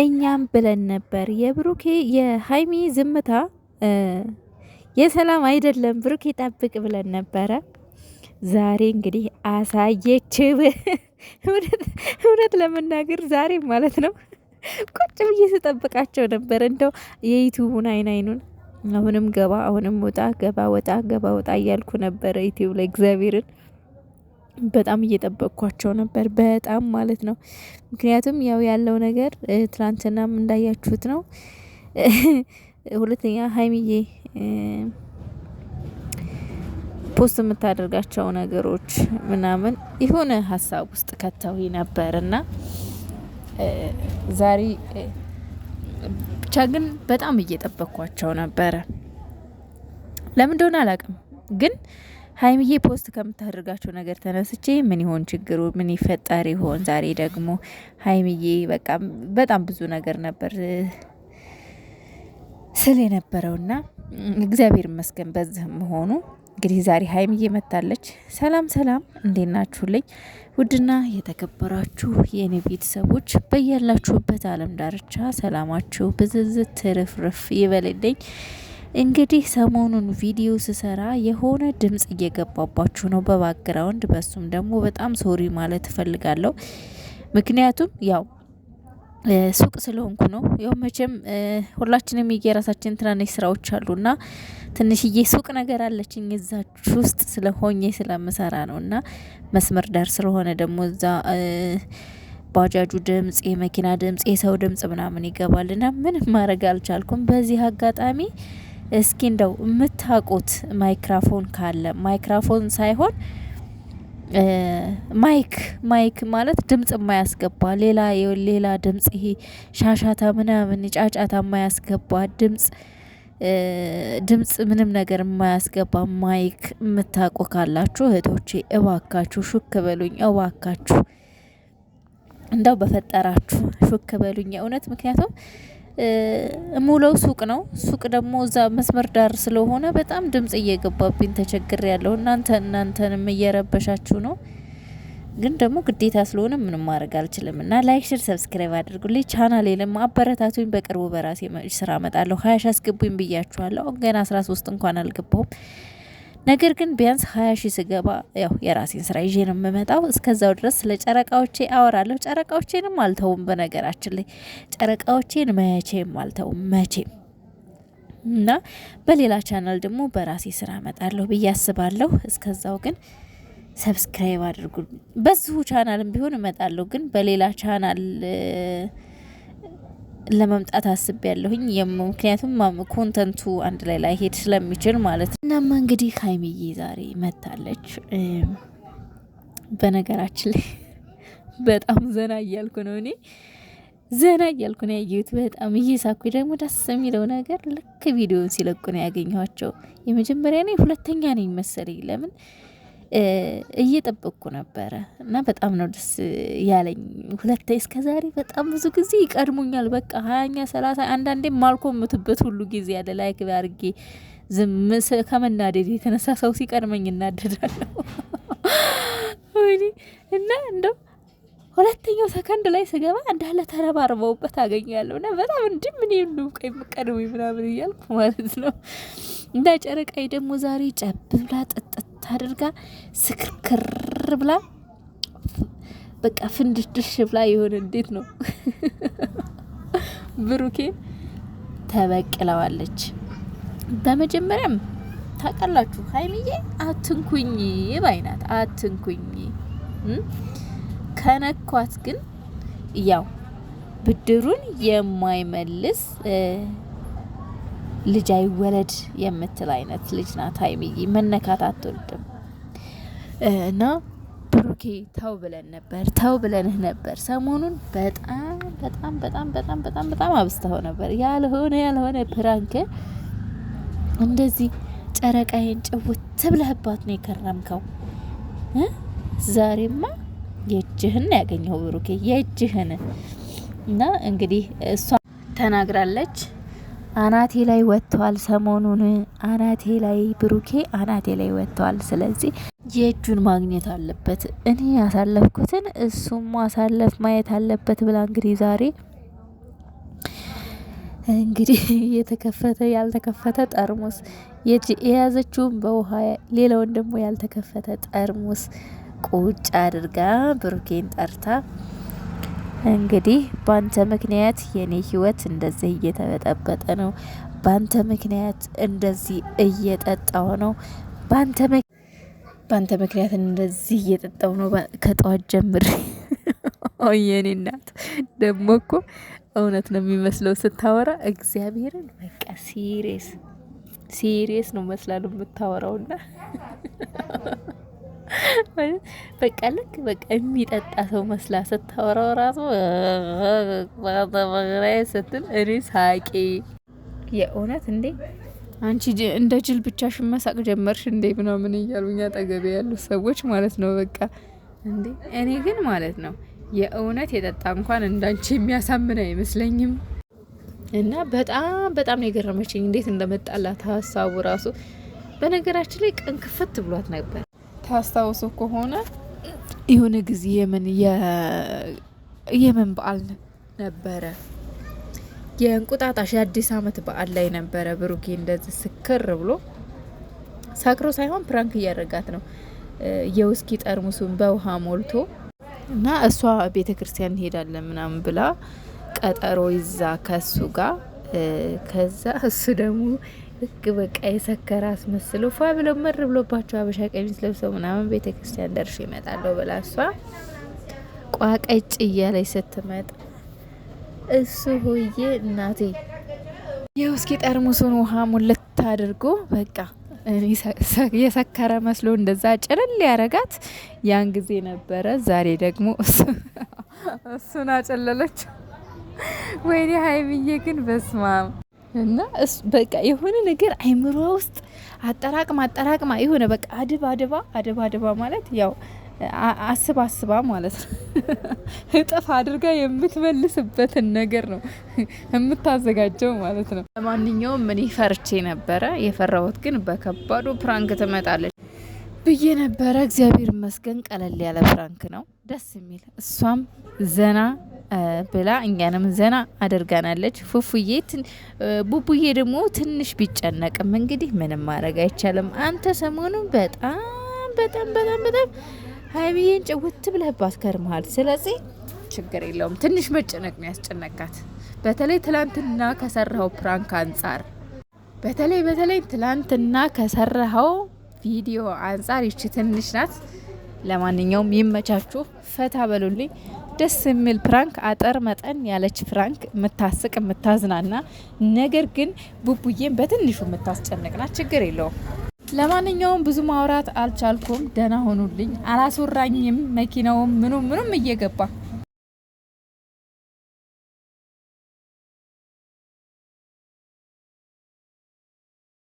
እኛም ብለን ነበር የብሩኬ የሀይሚ ዝምታ የሰላም አይደለም፣ ብሩኬ ጠብቅ ብለን ነበረ። ዛሬ እንግዲህ አሳየችብ። እውነት ለመናገር ዛሬ ማለት ነው ቁጭ ብዬ ስጠብቃቸው ነበር። እንደው የዩቱቡን አይን አይኑን አሁንም ገባ አሁንም ወጣ ገባ ወጣ ገባ ወጣ እያልኩ ነበረ ዩቲዩብ ላይ እግዚአብሔርን በጣም እየጠበቅኳቸው ነበር፣ በጣም ማለት ነው። ምክንያቱም ያው ያለው ነገር ትላንትናም እንዳያችሁት ነው። ሁለተኛ ሀይሚዬ ፖስት የምታደርጋቸው ነገሮች ምናምን የሆነ ሀሳብ ውስጥ ከተው ነበር እና ዛሬ ብቻ ግን በጣም እየጠበቅኳቸው ነበረ። ለምን እንደሆነ አላውቅም ግን ሀይሚዬ ፖስት ከምታደርጋቸው ነገር ተነስቼ ምን ይሆን ችግሩ? ምን ይፈጠር ይሆን? ዛሬ ደግሞ ሀይሚዬ በቃ በጣም ብዙ ነገር ነበር ስል የነበረውና እግዚአብሔር ይመስገን በዚህ መሆኑ። እንግዲህ ዛሬ ሀይሚዬ መታለች። ሰላም ሰላም፣ እንዴት ናችሁልኝ? ውድና የተከበራችሁ የእኔ ቤተሰቦች በያላችሁበት ዓለም ዳርቻ ሰላማችሁ ብዝዝት ትርፍርፍ ይበልልኝ። እንግዲህ ሰሞኑን ቪዲዮ ስሰራ የሆነ ድምጽ እየገባባችሁ ነው በባክግራውንድ። በሱም ደግሞ በጣም ሶሪ ማለት እፈልጋለሁ። ምክንያቱም ያው ሱቅ ስለሆንኩ ነው። ያው መቼም ሁላችንም የየራሳችን ትናንሽ ስራዎች አሉና ትንሽዬ ሱቅ ነገር አለችኝ እዛች ውስጥ ስለሆኜ ስለምሰራ ነው እና መስመር ዳር ስለሆነ ደግሞ እዛ ባጃጁ ድምጽ፣ የመኪና ድምጽ፣ የሰው ድምጽ ምናምን ይገባልና ምንም ማድረግ አልቻልኩም። በዚህ አጋጣሚ እስኪ እንደው የምታውቁት ማይክራፎን ካለ ማይክራፎን ሳይሆን ማይክ ማይክ ማለት ድምጽ የማያስገባ ሌላ ሌላ ድምጽ ይሄ ሻሻታ ምናምን ጫጫታ የማያስገባ ድምጽ ድምጽ ምንም ነገር የማያስገባ ማይክ የምታውቁ ካላችሁ እህቶቼ እባካችሁ ሹክ በሉኝ። እባካችሁ እንደው በፈጠራችሁ ሹክ በሉኝ እውነት ምክንያቱም ሙለው ሱቅ ነው። ሱቅ ደግሞ እዛ መስመር ዳር ስለሆነ በጣም ድምጽ እየገባብኝ ተቸግር ያለሁ። እናንተ እናንተንም እየረበሻችሁ ነው፣ ግን ደግሞ ግዴታ ስለሆነ ምንም ማድረግ አልችልም እና ላይክ፣ ሽር፣ ሰብስክራይብ አድርጉልኝ። ቻናሌንም አበረታቱኝ። በቅርቡ በራሴ ስራ መጣለሁ። ሀያ ሺ አስገቡኝ ብያችኋለሁ። ገና አስራ ሶስት እንኳን አልገባውም ነገር ግን ቢያንስ ሀያ ሺህ ስገባ ያው የራሴን ስራ ይዤ ነው የምመጣው። እስከዛው ድረስ ስለ ጨረቃዎቼ አወራለሁ። ጨረቃዎቼንም አልተውም። በነገራችን ላይ ጨረቃዎቼን መቼም አልተውም መቼም እና በሌላ ቻናል ደግሞ በራሴ ስራ እመጣለሁ ብዬ አስባለሁ። እስከዛው ግን ሰብስክራይብ አድርጉ። በዚሁ ቻናልም ቢሆን እመጣለሁ፣ ግን በሌላ ቻናል ለመምጣት ያለሁኝ ምክንያቱም ኮንተንቱ አንድ ላይ ላይሄድ ስለሚችል ማለት ነው። እናማ እንግዲህ ሀይሚዬ ዛሬ መታለች። በነገራችን ላይ በጣም ዘና እያልኩ ነው እኔ ዘና እያልኩ ነው ያየሁት። በጣም እየሳኩ ደግሞ ደስ የሚለው ነገር ልክ ቪዲዮን ሲለቁ ነው ያገኘኋቸው። የመጀመሪያ ነኝ ሁለተኛ ነኝ መሰለኝ ለምን እየጠበቅኩ ነበረ እና በጣም ነው ደስ ያለኝ። ሁለተ እስከ ዛሬ በጣም ብዙ ጊዜ ይቀድሙኛል። በቃ ሀያኛ ሰላሳ አንዳንዴ ማልኮምትበት ሁሉ ጊዜ ያለ ላይክ አድርጌ ዝም ከመናደድ የተነሳ ሰው ሲቀድመኝ እናደዳለሁ እና እንደው ሁለተኛው ሰከንድ ላይ ስገባ እንዳለ ተረባርበውበት አገኛለሁ እና በጣም እንዲህ ምን የምንውቀ የምቀድሙ ምናምን እያልኩ ማለት ነው። እና ጨረቃይ ደግሞ ዛሬ ጨብ ብላ ጠጥ አድርጋ ስክርክር ብላ በቃ ፍንድድሽ ብላ የሆነ እንዴት ነው ብሩኬ ተበቅለዋለች። በመጀመሪያም ታውቃላችሁ ሀይሚዬ አትንኩኝ ባይናት አትንኩኝ ከነኳት ግን ያው ብድሩን የማይመልስ ልጅ አይወለድ የምትል አይነት ልጅ ናት ሀይሚዬ። መነካት አትወልድም እና ብሩኬ ተው ብለን ነበር፣ ተው ብለንህ ነበር። ሰሞኑን በጣም በጣም በጣም በጣም በጣም በጣም አብስተው ነበር። ያልሆነ ያልሆነ ፕራንክ እንደዚህ ጨረቃዬን ጭውት ብለህባት ነው የከረምከው። ዛሬማ የእጅህን ያገኘው ብሩኬ የእጅህን እና እንግዲህ እሷ ተናግራለች። አናቴ ላይ ወጥቷል። ሰሞኑን አናቴ ላይ ብሩኬ አናቴ ላይ ወጥቷል። ስለዚህ የእጁን ማግኘት አለበት። እኔ ያሳለፍኩትን እሱም ማሳለፍ ማየት አለበት ብላ እንግዲህ ዛሬ እንግዲህ የተከፈተ ያልተከፈተ ጠርሙስ የያዘችውን በውሃ ሌላውን ደግሞ ያልተከፈተ ጠርሙስ ቁጭ አድርጋ ብሩኬን ጠርታ እንግዲህ ባንተ ምክንያት የኔ ህይወት እንደዚህ እየተበጠበጠ ነው። ባንተ ምክንያት እንደዚህ እየጠጣው ነው። ባንተ ምክንያት እንደዚህ እየጠጣው ነው። ከጠዋት ጀምር። የኔ እናት ደግሞ እኮ እውነት ነው የሚመስለው ስታወራ እግዚአብሔርን በቃ ሲሪየስ ሲሪየስ ነው መስላሉ የምታወራውና በቃ ልክ በቃ የሚጠጣ ሰው መስላ ስታወራው ራሱ በግራዬ ስትል እኔ ሳቂ የእውነት እንዴ አንቺ እንደ ጅል ብቻሽን መሳቅ ጀመርሽ እንዴ ምናምን እያሉኝ አጠገቤ ያሉ ሰዎች ማለት ነው። በቃ እንዴ እኔ ግን ማለት ነው የእውነት የጠጣ እንኳን እንዳንቺ የሚያሳምን አይመስለኝም። እና በጣም በጣም ነው የገረመችኝ እንዴት እንደመጣላት ሀሳቡ ራሱ። በነገራችን ላይ ቀን ክፍት ብሏት ነበር። ታስታውሱ ከሆነ የሆነ ጊዜ የምን የምን በዓል ነበረ የእንቁጣጣሽ የአዲስ አመት በዓል ላይ ነበረ። ብሩኬ እንደዚህ ስክር ብሎ ሰክሮ ሳይሆን ፕራንክ እያደረጋት ነው። የውስኪ ጠርሙሱን በውሃ ሞልቶ እና እሷ ቤተ ክርስቲያን እንሄዳለን ምናምን ብላ ቀጠሮ ይዛ ከሱ ጋር ከዛ እሱ ደግሞ ልክ በቃ የሰከረ አስመስሎ ፏ ብለው መር ብሎባቸው አበሻ ቀሚስ ለብሰው ምናምን ቤተ ክርስቲያን ደርሼ እመጣለሁ ብላ እሷ ቋቀጭ እያለች ስትመጣ እሱ ሆዬ እናቴ ይኸው እስኪ ጠርሙሱን ውሃ ሙልት አድርጎ በቃ የሰከረ መስሎ እንደዛ ጭልል ያረጋት ያን ጊዜ ነበረ። ዛሬ ደግሞ እሱን አጨለለች። ወይኔ ሀይሚዬ ግን በስማም እና በቃ የሆነ ነገር አይምሮ ውስጥ አጠራቅማ አጠራቅማ የሆነ በቃ አድባ አድባ አድባ አድባ ማለት ያው አስብ አስባ ማለት ነው። እጥፍ አድርጋ የምትመልስበትን ነገር ነው የምታዘጋጀው ማለት ነው። ለማንኛውም እኔ ፈርቼ ነበረ። የፈራሁት ግን በከባዱ ፕራንክ ትመጣለች ብዬ ነበረ። እግዚአብሔር ይመስገን ቀለል ያለ ፕራንክ ነው፣ ደስ የሚል እሷም ዘና ብላ እኛንም ዘና አድርጋናለች። ፉፉዬ ቡቡዬ ደግሞ ትንሽ ቢጨነቅም እንግዲህ ምንም ማድረግ አይቻልም። አንተ ሰሞኑን በጣም በጣም በጣም በጣም ሀይሚዬን ጭውት ብለህባት ከርመሃል። ስለዚህ ችግር የለውም ትንሽ መጨነቅ ነው ያስጨነቃት። በተለይ ትላንትና ከሰራው ፕራንክ አንጻር በተለይ በተለይ ትላንትና ከሰራኸው ቪዲዮ አንጻር ይቺ ትንሽ ናት። ለማንኛውም ይመቻችሁ፣ ፈታ በሉልኝ። ደስ የሚል ፕራንክ፣ አጠር መጠን ያለች ፕራንክ፣ የምታስቅ የምታዝናና፣ ነገር ግን ቡቡዬን በትንሹ የምታስጨንቅና ችግር የለውም። ለማንኛውም ብዙ ማውራት አልቻልኩም። ደህና ሆኑልኝ። አላስወራኝም መኪናውም ምኑም ምኑም እየገባ